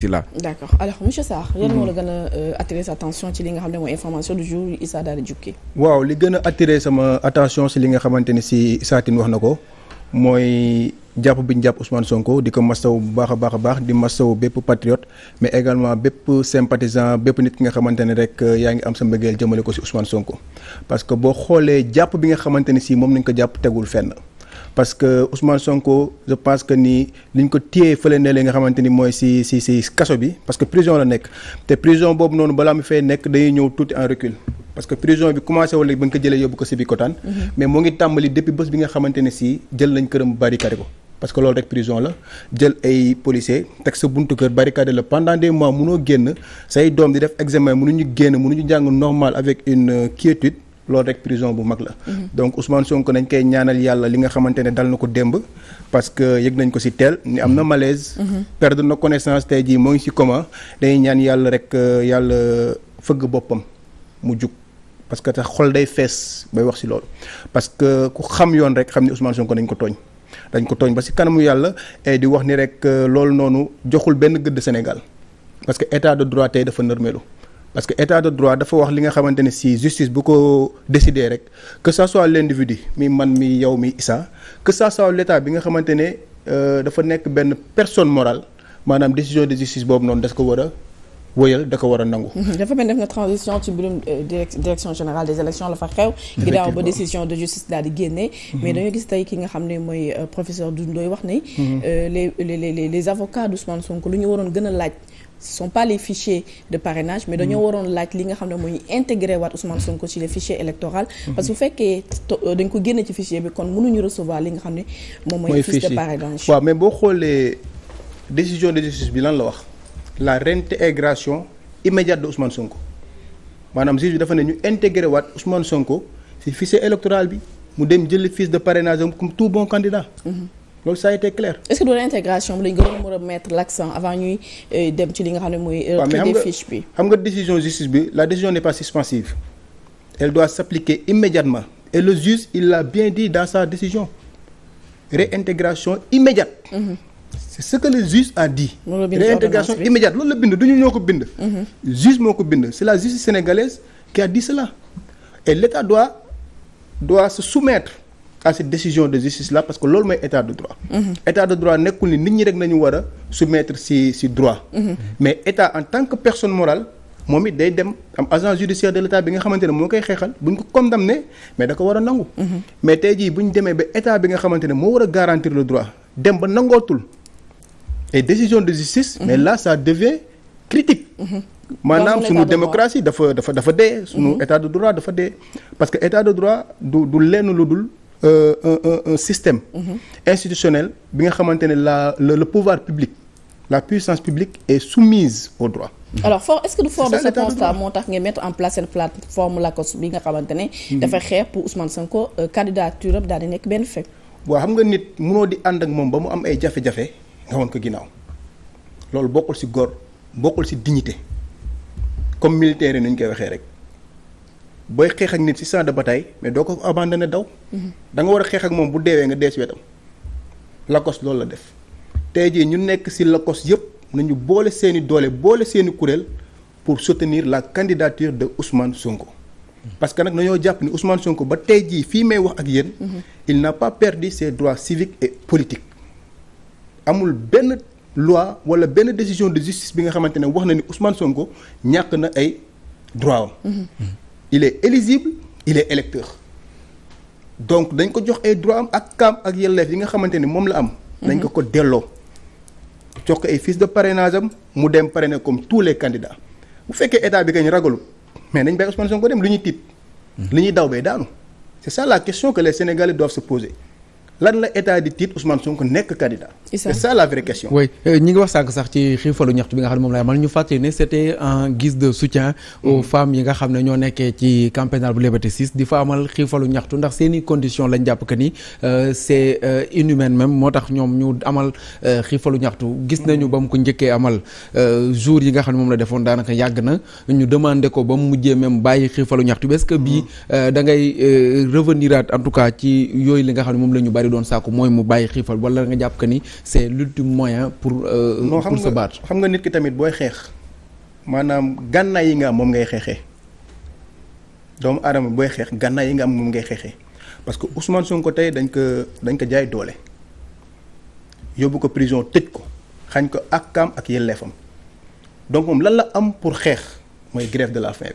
d'accord alors monsieur Sarr lan moo euh, ci li nga xam ne mooy information du jour Issa waaw li gën a sama attention si li nga xamante ne si Issa wax na ko mooy jàpp bi ñu jàpp Ousmane Sonko di ko masawu bu baax a baax a baax di wu bépp patriote mais également bépp sympathisant bépp nit ki nga xamante ne rek euh, yaa ngi am sa mbëggeel jëmale ko si Ousmane Sonko parce que boo xoolee jàpp bi nga xamante ne si moom nañ ko jàpp tegul fenn parce que Ousmane Sonko je pense que ni liñ ko téyee fële ne li nga xamante ni mooy si si si kaso bi parce que prison la nekk te prison boobu noonu balaa mu fay nekk dañuy ñëw tuuti en recul parce que prison bi commencé wala ba nga ko jëlee yóbbu ko si bi kotaan mhm. mais moo ngi tàmbali depuis bés bi nga xamante ne jël nañ këram barricade ko parce que loolu rek prison la jël ay policier teg sa buntu kër barricade la pendant des mois munoo génn say loolu rek prison bu mag la. donc Ousmane Sonko nañ koy ñaanal yàlla li nga xamante ne dal na ko démb parce que yëg nañ ko si teel ni am na malaise. perdre na connaissance tey jii moo ngi ci coma dañuy ñaan yàlla rek euh, yàlla fëgg boppam mu jug. parce que tax xol day fees bay wax si loolu parce que ku xam yoon rek xam ni Ousmane Sonko nañ ko tooñ dañ ko tooñ ba si kanamu yàlla di wax nii rek euh, loolu noonu joxul benn gëdd Sénégal parce que état de droit tey dafa nërmelu parce que état de droit dafa wax li nga xamante ne si justice bu ko décider rek que ça soit l' individu mi man mi yow mi Issa que ça soit l' état bi nga xamante ne euh, dafa nekk benn personne morale maanaam décision de justice boobu noonu das ko war a wëyal da ko war a nangu. Mm-hmm. dafa mel def na transition ci mbirum euh, direction générale des élections la fa xew. ginnaaw ba décision de justice daal di génne. Mm-hmm. mais dañoo gis tey ki nga xam ne mooy euh, professeur Doudou Ndoye wax ne. Mm-hmm. les les les avocats d'Ousmane Sonko lu ñu waroon gën a ce sont pas les fichiers de parrainage mais dañoo mm-hmm. waroon laaj li nga xam ne mooy intégré waat Ousmane Sonko ci les fichiers électoraux mm-hmm. parce que bu fekkee euh, dañ ko génne ci fichier bi kon mënuñu recevoir li nga xam ne moom mooy fiche de parrainage waaw mais boo xoolee décision de justice bi lan la wax la réintégration immédiate de Ousmane Sonko maanaam juge bi dafa ñu intégré waat Ousmane Sonko ci fichier électoral bi mu dem jël fiche de parrainage am comme tout bon candidat mm-hmm. loolu ça a été clair. est-ce que doon intégration bi lañ gën a mettre l'accent avant ñuy euh, dem ci li nga xam ne mooy. retrait euh, des fiches bi xam nga décision justice bi la décision n'est pas suspensive. elle doit s'appliquer immédiatement et le juge il l'a bien dit dans sa décision réintégration immédiate. Mm -hmm. c'est ce que le juge a immédiate loolu la bind du ñu ñoo ko bind. Mm-hmm. juge moo ko bind c'est la justice sénégalaise qui a dit cela et l'État doit doit à cette décision de justice là parce que loolu mooy état de droit. Mm-hmm. état de droit nekkul nit ñi rek nañu war a soumettre ci ci droit. Mm-hmm. mais état en tant que personne morale moom it day dem am agent judiciaire de l'état bi nga xamante ne moo koy xeexal bu ñu ko condamné mais da ko war a nangu. Mm-hmm. mais tey jii bu ñu demee ba état bi nga xamante ne moo war a garantir le droit dem ba nangootul et décision de justice. mais la ça devient critique. maanaam sunu démocratie dafa dafa dafa dee. sunu état de droit dafa dee parce que état de droit du lu dul. euh, un un système. Mhm. institutionnel bi nga xamante ne la le, le pouvoir public la puissance publique est soumise au droit. Mhm. alors fort est-ce que du fort de ce constat moo tax ngeen mettre en place seen plateforme Lacoste bi nga xamante ne. Mhm. dafay xeex pour Ousmane Sonko euh, candidature am daal di nekk benn fekk. waaw xam nga nit munoo di ànd ak moom ba mu am ay jafe-jafe nga woon ko ginnaaw loolu bokkul si gor bokkul si dignité comme militaire yi ni ñu koy waxee rek. booy xeex ak nit ci champ de bataille mais doo ko abandonné daw. da war a xeex ak moom bu deewee nga dee ci wetam. lakos loolu la def tey jii ñu nekk ci lakos yëpp nañu boole seeni doole boole seeni kuréel pour soutenir la candidature de Ousmane Sonko. parce que nag nañoo jàpp ni Ousmane Sonko ba tey jii fii may wax ak yéen. il n'a pas perdu ses droits civiques et politiques. amul benn loi wala benn décision de justice bi nga xamante ne wax na ni Ousmane Sonko ñàkk na ay droits il est éligible il est électeur donc dañ ko jox ay droit am ak kaam ak yelleef yi nga xamante ni moom la am. dañ ko ko delloo. jox ko ay fiches de parrainage mu dem parrainer comme tous les candidats bu fekkee état bi kañ ragalu mais nañ bàyyi Ousmane Sonko dem lu ñuy tiit. li ñuy daw bay daanu. c'est ça la question que les Sénégalais doivent se poser. lan la état di tiit Ousmane nekk candidat. c'est ça la vraie question. oui euh, ñi ngi wax sànq sax ci nga xam ne moom laay man ñu fàttali ne c'était en guise de soutien aux mm. yi nga xam ne ñoo nekkee ci camp pénal bu Liberté 6 di fa amal xiifalu ñaxtu ndax seen i lañ jàpp que ni euh, c'est euh, inhumaine même moo tax ñoom ñu amal xiifalu ñaxtu. gis nañu mm. ba mu ko njëkkee amal jour yi nga xam ne moom la defoon daanaka yàgg na ñu demandé ko ba mu mujjee même bàyyi xiifalu ñaxtu bi que bii mm. da ngay reveniraat en tout cas ci yooyu li nga xam ne moom la ñu bari yi doon sàkku mooy mu bàyyi xiifal wala nga jàpp que ni c'est l'ultime moyen pour. Euh, pour se battre xam nga nit ki tamit booy xeex maanaam gànnaay yi nga am moom ngay xeexee doomu aadama booy xeex gànnaay yi nga am moom ngay xeexee parce que Ousmane ko tey dañ ko dañ ko jaay doole yóbbu ko prison tëj ko xañ ko ak kaam ak yelleefam donc moom lan la am pour xeex mooy grève de la faim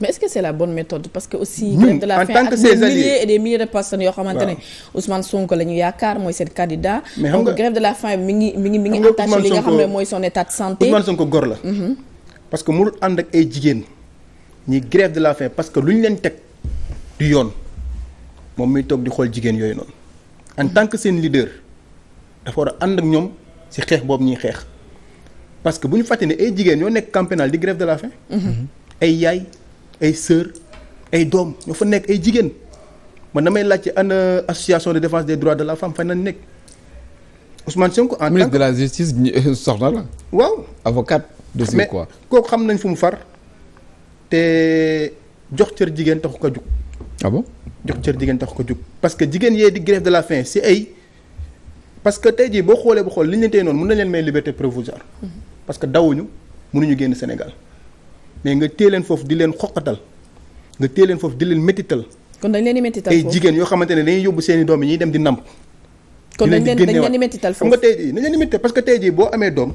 mais est-ce que c'est la bonne méthode parce que aussi. grève de la faim ak des milliers et des milliers de personnes yoo xamante ne yaakaar mooy seen candidat. mais xam nga grève de la faim mi ngi mi ngi mi li nga xam ne mooy son état de santé. Ousmane mhm. que mënul de la faim parce que leen teg du yoon moom muy toog di xool jigéen yooyu noonu en tant que seen leader dafa war a ànd ak ñoom ci xeex boobu ñuy xeex parce que bu ñu fàtte ne ay jigéen yoo nekk campagnol di grève de la faim. Mhm. ay ay sœur ay doom ñoo fa nekk ay jigéen man damay laajte ana association de défense des droits de la femme fan nañ nekk Ousmane Sonko en tant de la justice euh, soxna la. waaw avocate de ce quoi. kooku xam nañ fu mu far te jox cër jigéen taxu ko jug. ah bon jox cër jigéen taxu ko jug parce que jigéen yee di grève de la fin si ay parce que tey jii boo xoolee ba xool li ñu leen tey noonu mën nañ leen may liberté provisoire mm-hmm. parce que dawuñu mënuñu génn Sénégal. mais nga téye leen foofu di leen xoqatal nga téye leen foofu di leen métital. kon dañ leen di métital tey jigéen yoo xamante ne dañuy yóbbu seen i ñuy dem di namp. kon dañ leen dañ leen di métital foofu xam nga tey jii dañ leen di métital parce que tey jii boo amee doom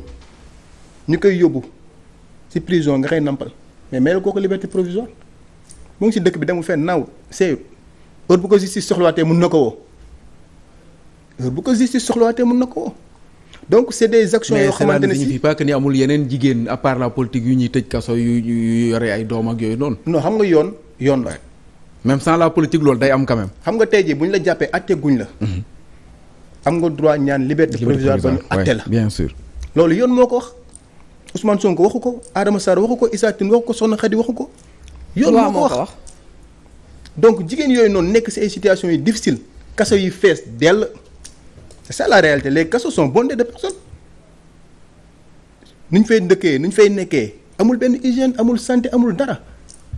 ñu koy yóbbu ci prison nga koy nampal mais mel kooku liberté provisoire mu ngi ci dëkk bi demul fenn naaw seeyut heure bu ko justice soxlawaatee mun na ko woo heure bu ko justice soxlawaatee mun na ko woo. donc c' est des actions yoo xamante ne si mais cela ni amul yeneen jigéen à part la politique yu ñuy tëj kaso yu yore ay doom ak yooyu noonu. non xam nga yoon yoon la. même sans la politique loolu day am quand même. xam nga tey jii bu ñu la jàppee atte guñ la. Mhm. am nga droit ñaan liberté provisoire ba ñu atte la bien sûr. loolu yoon moo ko wax Ousmane Sonko waxu ko Adama Sarr waxu ko Issa Tine waxu ko Soxna Khady waxu ko. yoon moo ko wax donc jigéen yooyu noonu nekk ci ay situations yu difficile kaso yi fees dell. c'est ça la réalité les kaso sont bondés de personnes nu ñu fay dëkkee nu ñu fay nekkee amul benn hygiène amul santé amul dara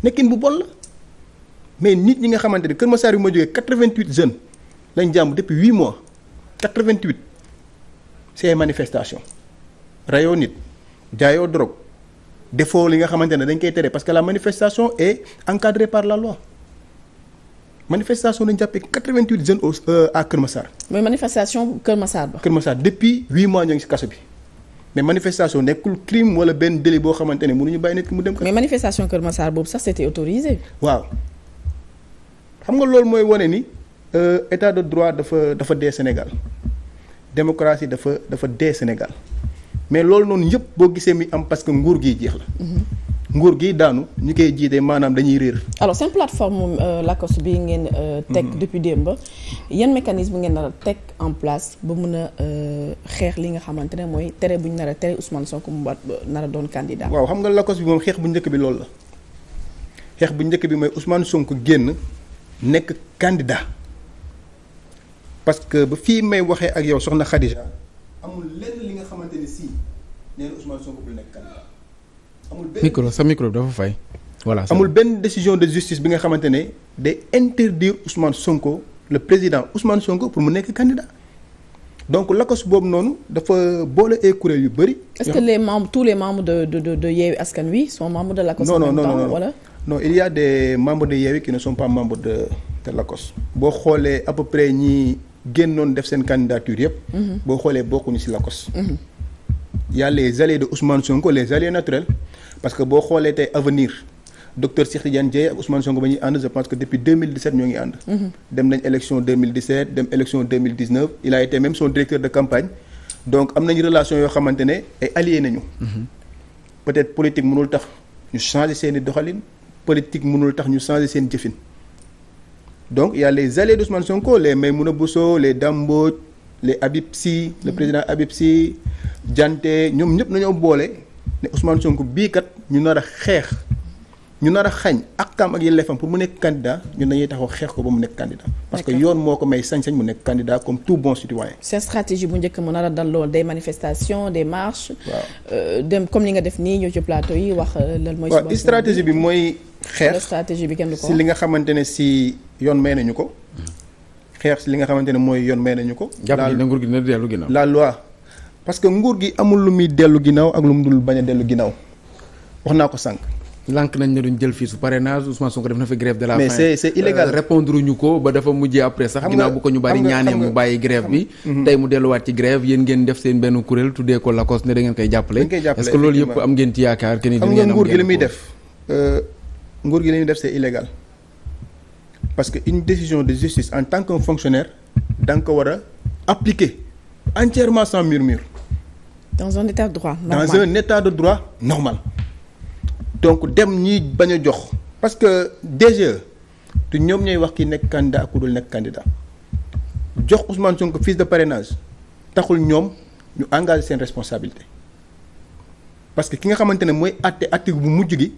nekkin bu bon la mais nit ñi nga xamante ni Kër Massar yu ma jógee 88 jeunes lañ jàmm depuis 8 mois 88 c'est manifestation rayoo nit jaayoo drogue defoo li nga xamante ne dañ koy teree parce que la manifestation et encadrée par la loi. manifestation lañu jàppee 88 jeunes au euh, à Kër Massar. mooy manifestation Kër Massar ba. Kër Massar depuis 8 mois ñoo ngi si kaso bi mais manifestation nekkul crime wala benn délit boo xamante ne mënuñu bàyyi nit mu dem. mais manifestation Kër Massar boobu sax c'était autorisé. waaw xam nga loolu mooy wane ni euh, état de droit dafa dafa dee Sénégal démocratie dafa dafa dee Sénégal mais loolu noonu yëpp boo gisee mi am parce que nguur gi jeex la. Mhm. nguur gi daanu ñu koy jiite maanaam dañuy réer. alors seen plateforme euh, Lacoste bi ngeen. Euh, teg mm-hmm. depuis démb yan mécanisme ngeen nar a en place ba mun a euh, xeex li nga xamante ne mooy tere bu ñu nar a tere Ousmane Sonko mu nar a doon candidat. waaw xam nga lakkos bi moom xeex bu njëkk bi loolu la xeex bu njëkk bi mooy Ousmane sonk génn nekk candidat parce que ba fii may waxee ak yow soxna Khadija amul lenn li nga xamante ne sii nee na Ousmane Sonko nekk candidat. amul benn micro sa micro dafa fay. voilà amul benn décision de justice bi nga xamante ne day interdire Ousmane Sonko le président Ousmane Sonko pour mu nekk candidat donc lakos boobu noonu dafa boole ay kuréel yu bëri. est-ce que les les membres de Askan Wi sont membres de lakos. non non non non voilà. de Yewwi qui ne sont pas membres de de lakos. boo xoolee à peu près ñi génnoon def seen candidature yëpp. Mhm. boo xoolee bokkuñu si lakos. Mhm. y a les alliés de Ousmane Sonko les alliés naturels. parce que boo xoolee tey avenir docteur Cheikh Tidiane Dièye ak Ousmane Sonko ba ñuy ànd je pense que depuis 2017 ñoo ngi ànd. dem nañ élection 2017 dem élection 2019 il a été même son directeur de campagne donc am nañu relation yoo xamante ne ay alliés nañu. peut-être politique mënul tax ñu changer seen i doxalin politique mënul tax ñu changer seen jëfin donc yàlla y a les alliés d'Ousmane Sonko les Maïmouna Bousso les Dambodj les Habib Sy. le président Habib Sy Dianté ñoom ñëpp nañoo boole. ne Ousmane Sonko bii kat ñu nar xeex ñu nar a xañ ak kam ak yelleefam pour mu nekk candidat ñun dañuy taxaw xeex ko ba mu nekk candidat parce que yoon moo ko may sañ-sañ mu nekk candidat comme tout bon citoyen seen stratégie bu njëkk mu nar a dal lool des manifestations des marches waaw euh, dem comme li nga def nii ñëw ci plateau yi wax euh, lan mooy waaw bi mooy xeex stratégie bi kenn si li nga xamante ne si yoon may nañu ko xeex si li nga xamante ne mooy yoon may nañu ko jàpp na nguur gi dina dellu ginnaaw parce que nguur gi amul lu muy dellu ginnaaw ak lu mu dul bañ a dellu ginnaaw wax naa ko sànq. lànk nañ ne duñ jël fii su parrainage Ousmane Sonko def na fa grève de la faim. mais c'est c'est euh, illégal répondre ñu ko ba dafa mujjee après sax. ginnaaw bu ko ñu bari ñaanee mu bàyyi grève bi. tey mu delluwaat ci grève yéen ngeen def seen benn kuréel tuddee ko lakos ne da koy jàppale. est-ce que loolu yëpp am ngeen ci yaakaar que ni. Euh, nguur gi li def nguur gi parce que une décision de justice en tant que fonctionnaire da ko war a appliquer entièrement sans murmure. dans un état de droit normal normal donc dem ñi bañ a jox parce que DGE du ñoom ñooy wax ki nekk candidat ak ku dul nekk candidat jox Ousmane Sonko fiche de parrainage taxul ñoom ñu engagé seen responsabilité parce que ki nga xamante ne mooy àtte article bu mujj gi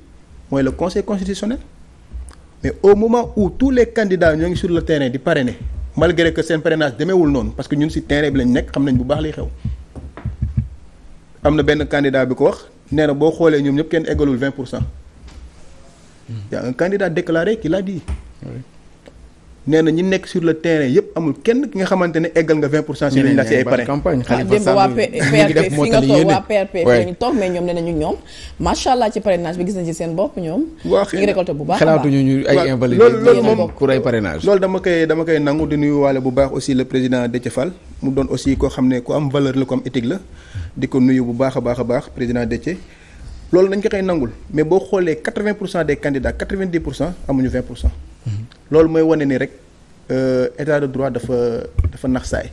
mooy le conseil constitutionnel mais au moment où tous les candidats ñoo ngi sur le terrain di parrainer malgré que seen parrainage demeewul noonu parce ñun ci terrain bi lañ nekk xam nañ bu baax lay xew. am na benn candidat bi ko wax nee boo xoolee ñoom ñëpp kenn eggalul vingt pour cent y a un candidat déclaré qui l'a dit nee na ñi nekk sur le terrain yëpp amul kenn ki nga xamante ne eggal nga 20 pour cent si lañ la see ay parrain campagne ah, Khalifa Sall mi ñu ñoom nee allah ci parrainage bi gis nañ ci seen bopp ñoom waa ñu bu baax xalaatuñu ñu ay invalide loolu loolu moom pour ay parrainage loolu dama koy dama koy nangu di nuy waale bu baax aussi le président Déthié Fall mu doon aussi koo xam ne ku am valeur la ku am la di ko nuyu bu baax a baax a baax président Déthié loolu nañ ko xëy nangul mais boo xoolee quatre vingt pour cent des candidats quatre vingt dix pour cent amuñu pour cent. loolu mooy wane nii rek euh, état de droit dafa dafa nax saay.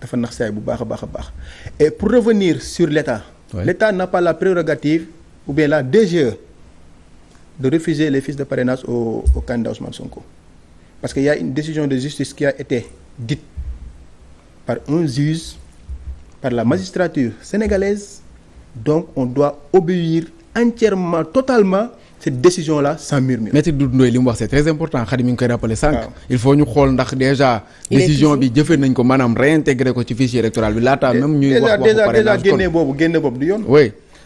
dafa nax saay bu baax a baax a baax et pour revenir sur l' état. Ouais. n'a pas la prérogative ou bien la DGE de refuser les fiches de parrainage au au candidat Ousmane Sonko parce que y a une décision de justice qui a été dite par par la magistrature sénégalaise donc on doit obéir entièrement totalement cette décision là sans murmure. Maître Doudou Ndoye li mu wax c'est très important xarit mi ngi koy rappelé sànq. il faut ñu xool ndax déjà. décision bi jëfee nañ ko maanaam réintégré ko ci fichier électoral bi laata même. ñuy wax waxu parrainage déjà déjà génne boobu génne boobu du yoon.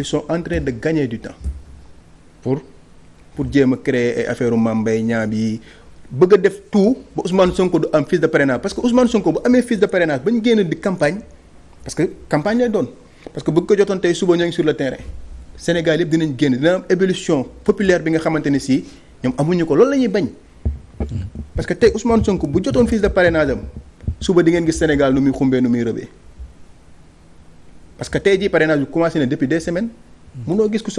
ils sont de gagner du temps pour pour jéem a créer ay affaire Mame Mbaye Niang bi bëgg a def tout ba Ousmane Sonko du am fiche de parrainage parce que Ousmane Sonko bu amee fiche de parrainage ba ñu génn di campagne parce que campagne lay doon parce que bëgg ko jotoon tey suba ñoo ngi sur le terrain Sénégal yëpp dinañ génn dina am évolution populaire bi nga xamante ne si ñoom amuñu ko loolu la ñuy bañ parce que tey usman Sonko bu jotoon fiche de parrainage am suba di ngeen Sénégal nu muy xumbee nu muy rëbee. parce que tey jii parrainage bi commencé na depuis des semaines. munoo gis ku